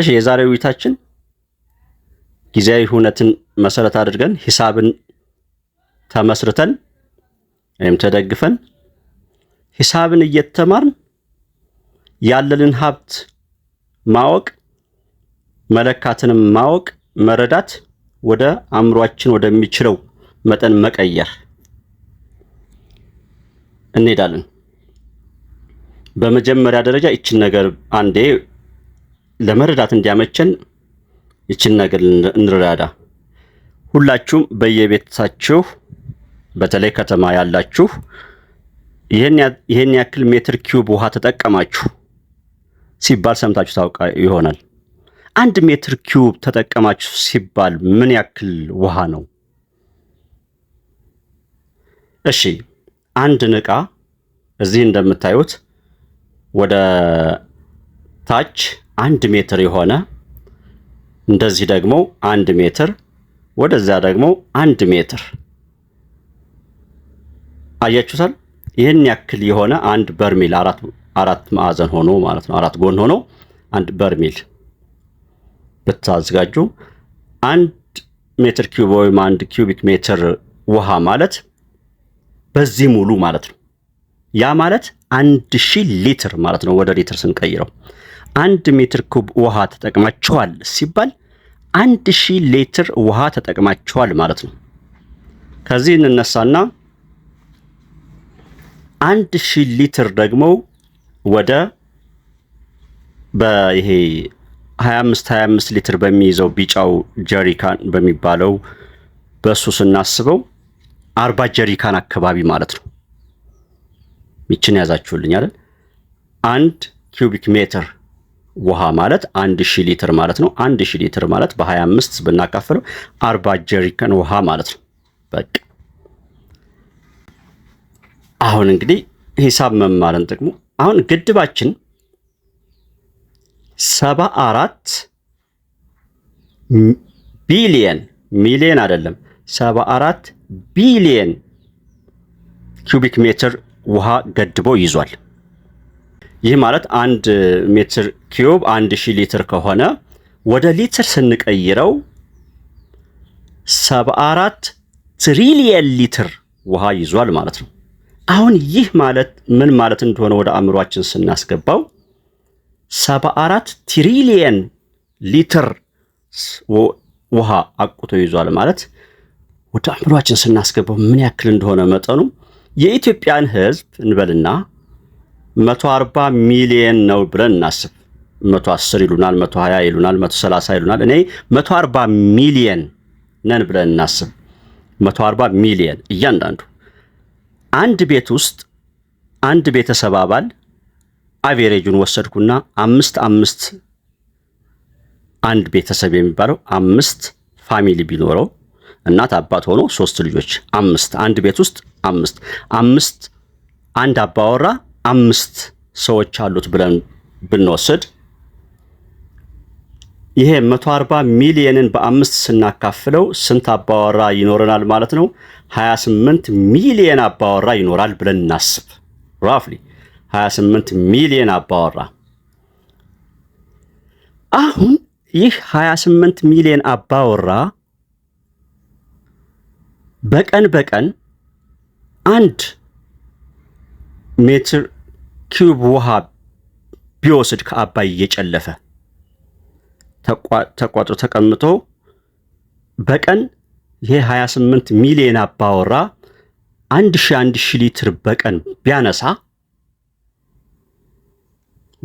እሺ የዛሬ ውይይታችን ጊዜያዊ ሁነትን መሰረት አድርገን ሂሳብን ተመስርተን ወይም ተደግፈን ሂሳብን እየተማርን ያለንን ሀብት ማወቅ መለካትንም ማወቅ መረዳት ወደ አእምሯችን ወደሚችለው መጠን መቀየር እንሄዳለን። በመጀመሪያ ደረጃ ይችን ነገር አንዴ ለመረዳት እንዲያመቸን ይችን ነገር እንረዳዳ። ሁላችሁም በየቤታችሁ በተለይ ከተማ ያላችሁ ይህን ያክል ሜትር ኪዩብ ውሃ ተጠቀማችሁ ሲባል ሰምታችሁ ታውቃ ይሆናል። አንድ ሜትር ኪዩብ ተጠቀማችሁ ሲባል ምን ያክል ውሃ ነው? እሺ አንድ እቃ እዚህ እንደምታዩት ወደ ታች አንድ ሜትር የሆነ እንደዚህ ደግሞ አንድ ሜትር ወደዚያ ደግሞ አንድ ሜትር አያችሁታል። ይህን ያክል የሆነ አንድ በርሜል አራት አራት ማዕዘን ሆኖ ማለት ነው አራት ጎን ሆኖ አንድ በርሜል ብታዘጋጁ አንድ ሜትር ኪዩብ ወይም አንድ ኪዩቢክ ሜትር ውሃ ማለት በዚህ ሙሉ ማለት ነው። ያ ማለት አንድ ሺህ ሊትር ማለት ነው ወደ ሊትር ስንቀይረው አንድ ሜትር ኩብ ውሃ ተጠቅማችኋል ሲባል አንድ ሺህ ሊትር ውሃ ተጠቅማችኋል ማለት ነው። ከዚህ እንነሳና አንድ ሺህ ሊትር ደግሞ ወደ በይሄ 25 25 ሊትር በሚይዘው ቢጫው ጀሪካን በሚባለው በሱ ስናስበው አርባ ጀሪካን አካባቢ ማለት ነው። ይችን ያዛችሁልኝ አይደል? አንድ ኪዩቢክ ሜትር ውሃ ማለት አንድ ሺህ ሊትር ማለት ነው። አንድ ሺህ ሊትር ማለት በ25 ብናካፍለው 40 ጀሪካን ውሃ ማለት ነው። በቃ አሁን እንግዲህ ሂሳብ መማርን ጥቅሙ አሁን ግድባችን 74 ቢሊየን ሚሊየን አይደለም 74 ቢሊየን ኪዩቢክ ሜትር ውሃ ገድቦ ይዟል። ይህ ማለት አንድ ሜትር ኪዩብ አንድ ሺህ ሊትር ከሆነ ወደ ሊትር ስንቀይረው 74 ትሪሊየን ሊትር ውሃ ይዟል ማለት ነው። አሁን ይህ ማለት ምን ማለት እንደሆነ ወደ አእምሯችን ስናስገባው 74 ትሪሊየን ሊትር ውሃ አቁቶ ይዟል ማለት ወደ አእምሯችን ስናስገባው ምን ያክል እንደሆነ መጠኑ የኢትዮጵያን ሕዝብ እንበልና 140 ሚሊየን ነው ብለን እናስብ። 110 ይሉናል፣ 120 ይሉናል፣ 130 ይሉናል። እኔ 140 ሚሊየን ነን ብለን እናስብ። 140 ሚሊየን እያንዳንዱ አንድ ቤት ውስጥ አንድ ቤተሰብ አባል አቬሬጁን ወሰድኩና አምስት አምስት አንድ ቤተሰብ የሚባለው አምስት ፋሚሊ ቢኖረው እናት አባት ሆኖ ሶስት ልጆች አምስት አንድ ቤት ውስጥ አምስት አምስት አንድ አባወራ አምስት ሰዎች አሉት ብለን ብንወስድ ይሄ 140 ሚሊየንን በአምስት ስናካፍለው ስንት አባወራ ይኖረናል ማለት ነው? 28 ሚሊየን አባወራ ይኖራል ብለን እናስብ። ራፍሊ 28 ሚሊየን አባወራ። አሁን ይህ 28 ሚሊየን አባወራ በቀን በቀን አንድ ሜትር ኪዩብ ውሃ ቢወስድ ከአባይ እየጨለፈ ተቋጥሮ ተቀምጦ በቀን ይሄ 28 ሚሊዮን አባወራ አንድ ሺህ ሊትር በቀን ቢያነሳ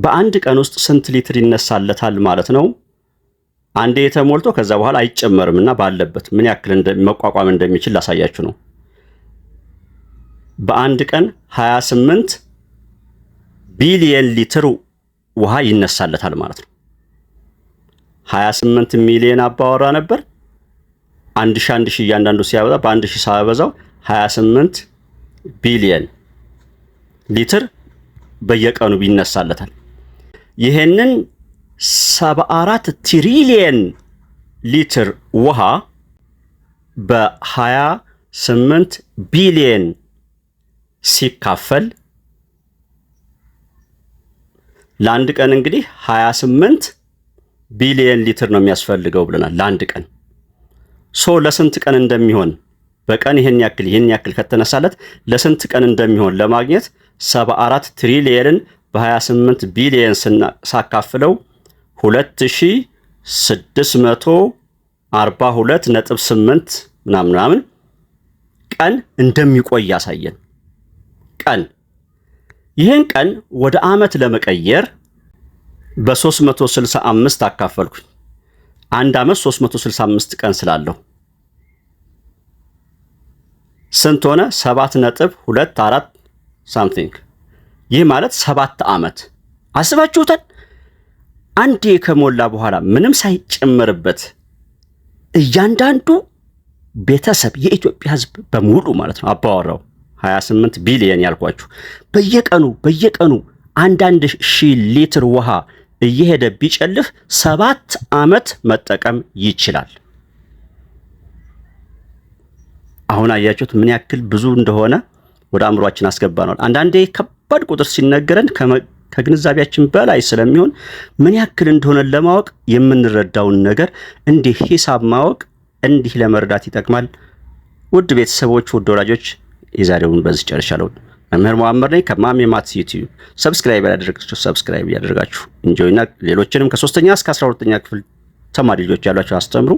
በአንድ ቀን ውስጥ ስንት ሊትር ይነሳለታል ማለት ነው? አንዴ የተሞልቶ ከዛ በኋላ አይጨመርም እና ባለበት ምን ያክል መቋቋም እንደሚችል ላሳያችሁ ነው። በአንድ ቀን 28 ቢሊየን ሊትር ውሃ ይነሳለታል ማለት ነው። 28 ሚሊዮን አባወራ ነበር። አንድ ሺህ አንድ እያንዳንዱ ሲያበዛ በአንድ ሺ ሳያበዛው 28 ቢሊየን ሊትር በየቀኑ ይነሳለታል። ይሄንን 74 ትሪሊየን ሊትር ውሃ በ28 ቢሊየን ሲካፈል ለአንድ ቀን እንግዲህ 28 ቢሊየን ሊትር ነው የሚያስፈልገው ብለናል። ለአንድ ቀን ሶ ለስንት ቀን እንደሚሆን በቀን ይህን ያክል ይህን ያክል ከተነሳለት ለስንት ቀን እንደሚሆን ለማግኘት 74 ትሪሊየንን በ28 ቢሊየን ሳካፍለው 2642 ነጥብ 8 ምናምን ምናምን ቀን እንደሚቆይ ያሳየን። ቀን ይህን ቀን ወደ ዓመት ለመቀየር በ365 አካፈልኩኝ። አንድ ዓመት 365 ቀን ስላለው ስንት ሆነ? 7.24 ሳምቲንግ። ይህ ማለት ሰባት ዓመት አስባችሁታል? አንዴ ከሞላ በኋላ ምንም ሳይጨመርበት እያንዳንዱ ቤተሰብ የኢትዮጵያ ሕዝብ በሙሉ ማለት ነው አባወራው 28 ቢሊየን ያልኳችሁ በየቀኑ በየቀኑ አንዳንድ ሺህ ሊትር ውሃ እየሄደ ቢጨልፍ ሰባት ዓመት መጠቀም ይችላል። አሁን አያችሁት ምን ያክል ብዙ እንደሆነ ወደ አእምሯችን አስገባነዋል። አንዳንዴ ከባድ ቁጥር ሲነገረን ከግንዛቤያችን በላይ ስለሚሆን ምን ያክል እንደሆነ ለማወቅ የምንረዳውን ነገር እንዲህ ሂሳብ ማወቅ እንዲህ ለመረዳት ይጠቅማል። ውድ ቤተሰቦች፣ ውድ ወላጆች የዛሬውን በዚህ ጨርሻለሁ። መምህር መዋመር ነኝ ከማሚ ማትስ ዩቲዩብ። ሰብስክራይብ ያላደረጋችሁ ሰብስክራይብ እያደረጋችሁ እንጆይና ሌሎችንም ከሶስተኛ እስከ አስራ ሁለተኛ ክፍል ተማሪ ልጆች ያሏቸው አስተምሩ።